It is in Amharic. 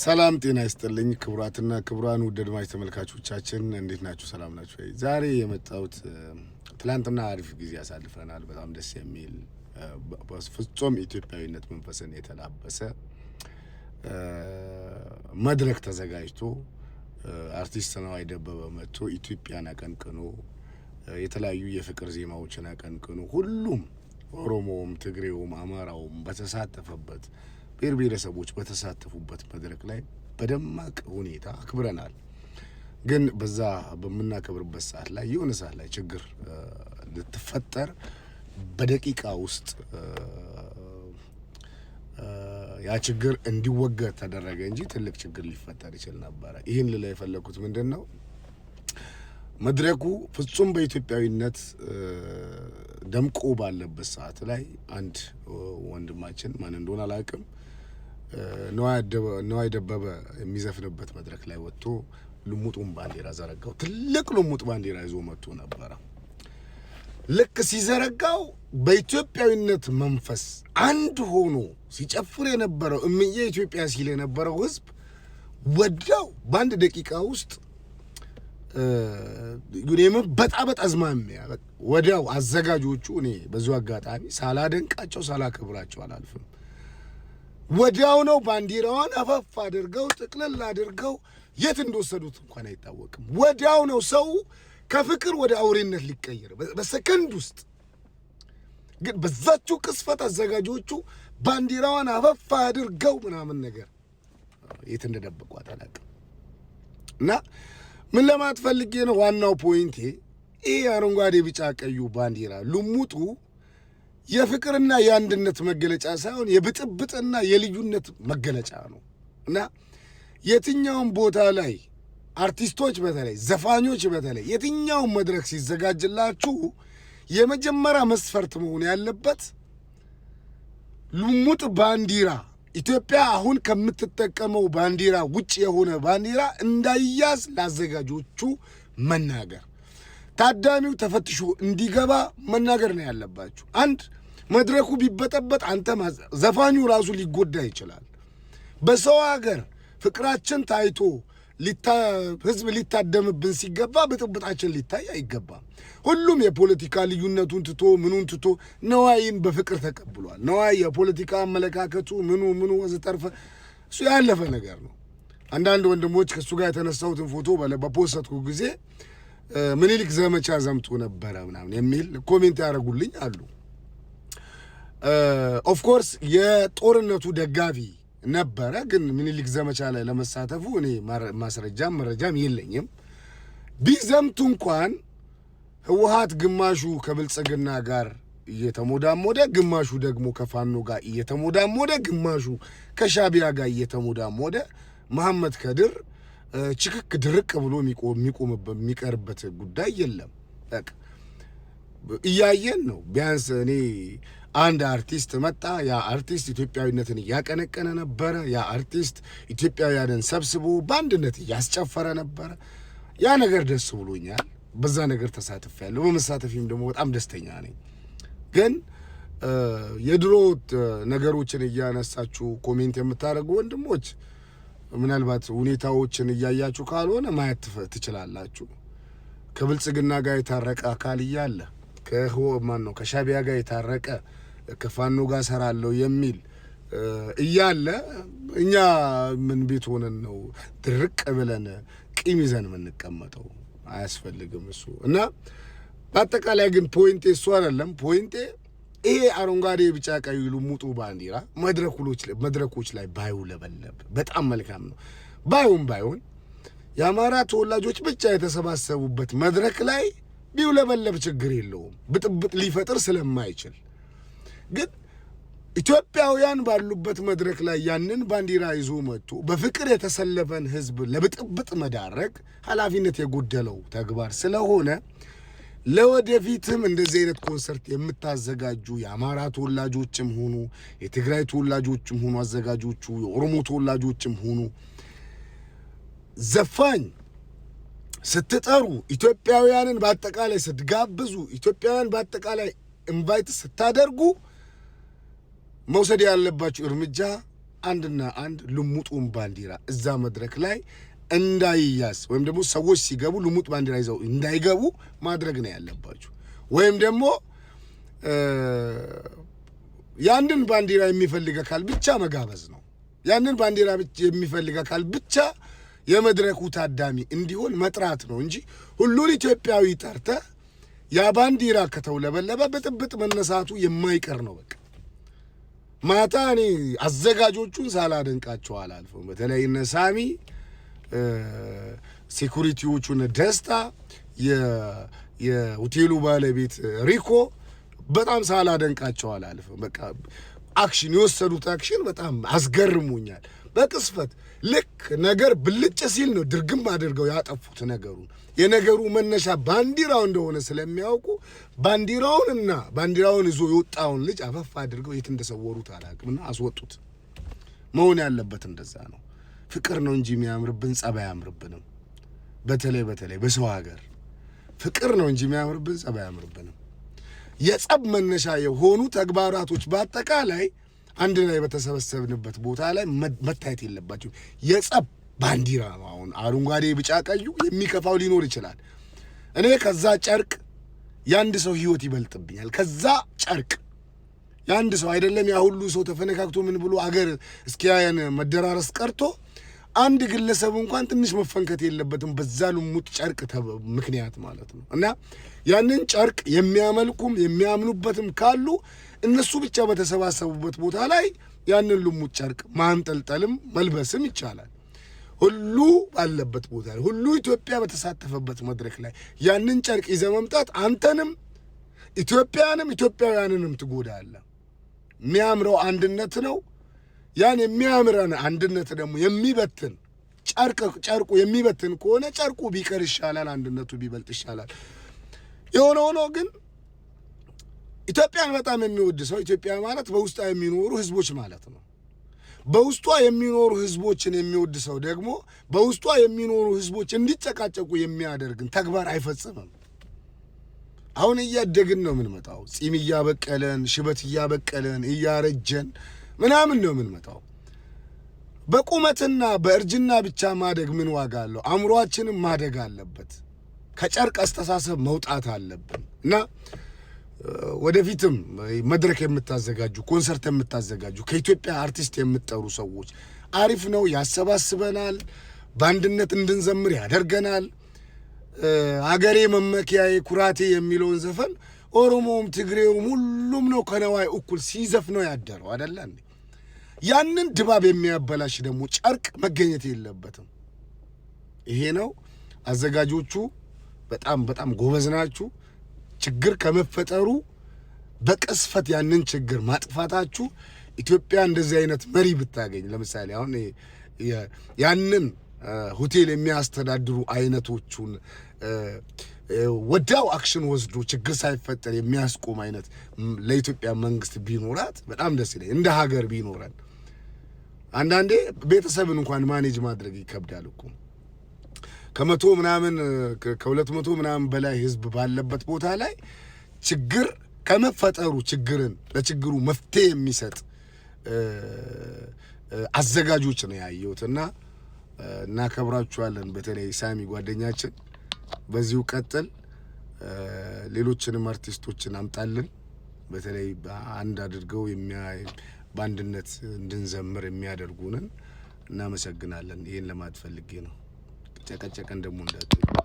ሰላም ጤና ይስጥልኝ ክቡራትና ክቡራን ውድ አድማጭ ተመልካቾቻችን እንዴት ናችሁ? ሰላም ናችሁ? ዛሬ የመጣሁት ትላንትና አሪፍ ጊዜ አሳልፈናል። በጣም ደስ የሚል ፍጹም ኢትዮጵያዊነት መንፈስን የተላበሰ መድረክ ተዘጋጅቶ አርቲስት ነዋይ ደበበ መጥቶ ኢትዮጵያን አቀንቅኖ የተለያዩ የፍቅር ዜማዎችን አቀንቅኖ ሁሉም ኦሮሞውም፣ ትግሬውም፣ አማራውም በተሳተፈበት ብሔር ብሔረሰቦች በተሳተፉበት መድረክ ላይ በደማቅ ሁኔታ አክብረናል። ግን በዛ በምናከብርበት ሰዓት ላይ የሆነ ሰዓት ላይ ችግር ልትፈጠር በደቂቃ ውስጥ ያ ችግር እንዲወገድ ተደረገ እንጂ ትልቅ ችግር ሊፈጠር ይችል ነበረ። ይህን ልላ የፈለግኩት ምንድን ነው መድረኩ ፍጹም በኢትዮጵያዊነት ደምቆ ባለበት ሰዓት ላይ አንድ ወንድማችን ማን እንደሆነ አላውቅም ነዋይ ደበበ የሚዘፍንበት መድረክ ላይ ወጥቶ ልሙጡን ባንዲራ ዘረጋው። ትልቅ ልሙጥ ባንዲራ ይዞ መጥቶ ነበረ። ልክ ሲዘረጋው በኢትዮጵያዊነት መንፈስ አንድ ሆኖ ሲጨፍር የነበረው እምዬ ኢትዮጵያ ሲል የነበረው ህዝብ ወዳው በአንድ ደቂቃ ውስጥ የመበጣበጥ አዝማሚያ ወዲያው አዘጋጆቹ እኔ በዚሁ አጋጣሚ ሳላደንቃቸው ሳላከብራቸው አላልፍም። ወዲያው ነው ባንዲራዋን አፋፍ አድርገው ጥቅልል አድርገው የት እንደወሰዱት እንኳን አይታወቅም። ወዲያው ነው ሰው ከፍቅር ወደ አውሬነት ሊቀየር በሰከንድ ውስጥ። ግን በዛችው ቅስፈት አዘጋጆቹ ባንዲራዋን አፈፋ አድርገው ምናምን ነገር የት እንደደበቋት አላውቅም። እና ምን ለማትፈልጌ ነው ዋናው ፖይንቴ ይሄ አረንጓዴ ቢጫ ቀዩ ባንዲራ ልሙጡ የፍቅርና የአንድነት መገለጫ ሳይሆን የብጥብጥና የልዩነት መገለጫ ነው እና የትኛውም ቦታ ላይ አርቲስቶች በተለይ ዘፋኞች በተለይ የትኛውም መድረክ ሲዘጋጅላችሁ የመጀመሪያ መስፈርት መሆን ያለበት ልሙጥ ባንዲራ ኢትዮጵያ አሁን ከምትጠቀመው ባንዲራ ውጭ የሆነ ባንዲራ እንዳያዝ ለአዘጋጆቹ መናገር ታዳሚው ተፈትሾ እንዲገባ መናገር ነው ያለባችሁ። አንድ መድረኩ ቢበጠበጥ አንተ ዘፋኙ ራሱ ሊጎዳ ይችላል። በሰው ሀገር ፍቅራችን ታይቶ ህዝብ ሊታደምብን ሲገባ ብጥብጣችን ሊታይ አይገባም። ሁሉም የፖለቲካ ልዩነቱን ትቶ ምኑን ትቶ ነዋይን በፍቅር ተቀብሏል። ነዋይ የፖለቲካ አመለካከቱ ምኑ ምኑ ወዘተርፈ እሱ ያለፈ ነገር ነው። አንዳንድ ወንድሞች ከእሱ ጋር የተነሳሁትን ፎቶ በፖሰትኩ ጊዜ ምኒልክ ዘመቻ ዘምቶ ነበረ ምናምን የሚል ኮሜንት ያደረጉልኝ አሉ። ኦፍኮርስ የጦርነቱ ደጋፊ ነበረ፣ ግን ምኒልክ ዘመቻ ላይ ለመሳተፉ እኔ ማስረጃም መረጃም የለኝም። ቢዘምቱ እንኳን ህወሓት ግማሹ ከብልጽግና ጋር እየተሞዳሞደ ግማሹ ደግሞ ከፋኖ ጋር እየተሞዳሞደ ግማሹ ከሻቢያ ጋር እየተሞዳሞደ መሐመድ ከድር ችክክ ድርቅ ብሎ የሚቀርበት ጉዳይ የለም። እያየን ነው። ቢያንስ እኔ አንድ አርቲስት መጣ። ያ አርቲስት ኢትዮጵያዊነትን እያቀነቀነ ነበረ። ያ አርቲስት ኢትዮጵያውያንን ሰብስቦ በአንድነት እያስጨፈረ ነበረ። ያ ነገር ደስ ብሎኛል። በዛ ነገር ተሳትፌያለሁ። በመሳተፊም ደግሞ በጣም ደስተኛ ነኝ። ግን የድሮ ነገሮችን እያነሳችሁ ኮሜንት የምታደርጉ ወንድሞች ምናልባት ሁኔታዎችን እያያችሁ ካልሆነ ማየት ትችላላችሁ። ከብልጽግና ጋር የታረቀ አካል እያለ ከማን ነው ከሻቢያ ጋር የታረቀ ከፋኖ ጋር ሰራለሁ የሚል እያለ እኛ ምን ቤት ሆነን ነው ድርቅ ብለን ቂም ይዘን የምንቀመጠው? አያስፈልግም እሱ እና በአጠቃላይ ግን ፖይንቴ እሱ አይደለም ፖይንቴ ይሄ አረንጓዴ ቢጫ ቀዩ ልሙጡ ባንዲራ መድረኮች ላይ ባይውለበለብ በጣም መልካም ነው። ባይሆን ባይሆን የአማራ ተወላጆች ብቻ የተሰባሰቡበት መድረክ ላይ ቢውለበለብ ችግር የለውም፣ ብጥብጥ ሊፈጥር ስለማይችል ግን ኢትዮጵያውያን ባሉበት መድረክ ላይ ያንን ባንዲራ ይዞ መጥቶ በፍቅር የተሰለፈን ሕዝብ ለብጥብጥ መዳረግ ኃላፊነት የጎደለው ተግባር ስለሆነ ለወደፊትም እንደዚህ አይነት ኮንሰርት የምታዘጋጁ የአማራ ተወላጆችም ሆኑ የትግራይ ተወላጆችም ሆኑ አዘጋጆቹ የኦሮሞ ተወላጆችም ሆኑ ዘፋኝ ስትጠሩ ኢትዮጵያውያንን በአጠቃላይ ስትጋብዙ ኢትዮጵያውያን በአጠቃላይ ኢንቫይት ስታደርጉ መውሰድ ያለባችሁ እርምጃ አንድና አንድ ልሙጡን ባንዲራ እዛ መድረክ ላይ እንዳይያዝ ወይም ደግሞ ሰዎች ሲገቡ ልሙጥ ባንዲራ ይዘው እንዳይገቡ ማድረግ ነው ያለባችሁ። ወይም ደግሞ ያንን ባንዲራ የሚፈልግ አካል ብቻ መጋበዝ ነው። ያንን ባንዲራ የሚፈልግ አካል ብቻ የመድረኩ ታዳሚ እንዲሆን መጥራት ነው እንጂ ሁሉን ኢትዮጵያዊ ጠርተ ያ ባንዲራ ከተውለበለበ ብጥብጥ መነሳቱ የማይቀር ነው። በቃ ማታ እኔ አዘጋጆቹን ሳላደንቃቸው አላልፈው። በተለይ እነ ሳሚ ሴኩሪቲዎቹን ደስታ፣ የሆቴሉ ባለቤት ሪኮ በጣም ሳላደንቃቸው አላልፍም። በቃ አክሽን የወሰዱት አክሽን በጣም አስገርሙኛል በቅስፈት ልክ ነገር ብልጭ ሲል ነው ድርግም አድርገው ያጠፉት ነገሩ የነገሩ መነሻ ባንዲራው እንደሆነ ስለሚያውቁ ባንዲራውንና ባንዲራውን ይዞ የወጣውን ልጅ አፈፍ አድርገው የት እንደሰወሩት አላውቅምና አስወጡት። መሆን ያለበት እንደዛ ነው። ፍቅር ነው እንጂ የሚያምርብን ጸባይ አያምርብንም። በተለይ በተለይ በሰው ሀገር ፍቅር ነው እንጂ የሚያምርብን ጸባይ አያምርብንም። የጸብ መነሻ የሆኑ ተግባራቶች በአጠቃላይ አንድ ላይ በተሰበሰብንበት ቦታ ላይ መታየት የለባቸው። የጸብ ባንዲራ ነው። አሁን አረንጓዴ፣ ቢጫ፣ ቀዩ የሚከፋው ሊኖር ይችላል። እኔ ከዛ ጨርቅ የአንድ ሰው ህይወት ይበልጥብኛል። ከዛ ጨርቅ የአንድ ሰው አይደለም ያ ሁሉ ሰው ተፈነካክቶ ምን ብሎ አገር እስኪያየን መደራረስ ቀርቶ አንድ ግለሰብ እንኳን ትንሽ መፈንከት የለበትም በዛ ልሙጥ ጨርቅ ምክንያት ማለት ነው። እና ያንን ጨርቅ የሚያመልኩም የሚያምኑበትም ካሉ እነሱ ብቻ በተሰባሰቡበት ቦታ ላይ ያንን ልሙጥ ጨርቅ ማንጠልጠልም መልበስም ይቻላል። ሁሉ ባለበት ቦታ ላይ ሁሉ ኢትዮጵያ በተሳተፈበት መድረክ ላይ ያንን ጨርቅ ይዘ መምጣት አንተንም ኢትዮጵያንም ኢትዮጵያውያንንም ትጎዳለ። የሚያምረው አንድነት ነው። ያን የሚያምረን አንድነት ደግሞ የሚበትን ጨርቅ ጨርቁ የሚበትን ከሆነ ጨርቁ ቢቀር ይሻላል፣ አንድነቱ ቢበልጥ ይሻላል። የሆነ ሆኖ ግን ኢትዮጵያን በጣም የሚወድ ሰው ኢትዮጵያ ማለት በውስጧ የሚኖሩ ህዝቦች ማለት ነው። በውስጧ የሚኖሩ ህዝቦችን የሚወድ ሰው ደግሞ በውስጧ የሚኖሩ ህዝቦች እንዲጨቃጨቁ የሚያደርግን ተግባር አይፈጽምም። አሁን እያደግን ነው የምንመጣው። ጺም እያበቀለን፣ ሽበት እያበቀለን፣ እያረጀን ምናምን ነው የምንመጣው። በቁመትና በእርጅና ብቻ ማደግ ምን ዋጋ አለው? አእምሯችንም ማደግ አለበት። ከጨርቅ አስተሳሰብ መውጣት አለብን እና ወደፊትም መድረክ የምታዘጋጁ ኮንሰርት የምታዘጋጁ ከኢትዮጵያ አርቲስት የምትጠሩ ሰዎች አሪፍ ነው፣ ያሰባስበናል፣ በአንድነት እንድንዘምር ያደርገናል። አገሬ መመኪያዬ ኩራቴ የሚለውን ዘፈን ኦሮሞውም ትግሬውም ሁሉም ነው ከነዋይ እኩል ሲዘፍ ነው ያደረው አደለ እንዴ? ያንን ድባብ የሚያበላሽ ደግሞ ጨርቅ መገኘት የለበትም። ይሄ ነው አዘጋጆቹ በጣም በጣም ጎበዝ ናችሁ። ችግር ከመፈጠሩ በቅስፈት ያንን ችግር ማጥፋታችሁ ኢትዮጵያ እንደዚህ አይነት መሪ ብታገኝ ለምሳሌ አሁን ያንን ሆቴል የሚያስተዳድሩ አይነቶቹን ወዲያው አክሽን ወስዶ ችግር ሳይፈጠር የሚያስቆም አይነት ለኢትዮጵያ መንግስት ቢኖራት በጣም ደስ ይለኝ፣ እንደ ሀገር ቢኖረን። አንዳንዴ ቤተሰብን እንኳን ማኔጅ ማድረግ ይከብዳል እኮ ከመቶ ምናምን ከሁለት መቶ ምናምን በላይ ህዝብ ባለበት ቦታ ላይ ችግር ከመፈጠሩ ችግርን ለችግሩ መፍትሄ የሚሰጥ አዘጋጆች ነው ያየሁት እና እናከብራችኋለን። በተለይ ሳሚ ጓደኛችን በዚሁ ቀጥል። ሌሎችንም አርቲስቶችን አምጣልን። በተለይ በአንድ አድርገው በአንድነት እንድንዘምር የሚያደርጉንን እናመሰግናለን። ይህን ለማለት ፈልጌ ነው። ጨቀጨቀን ደግሞ እንዳት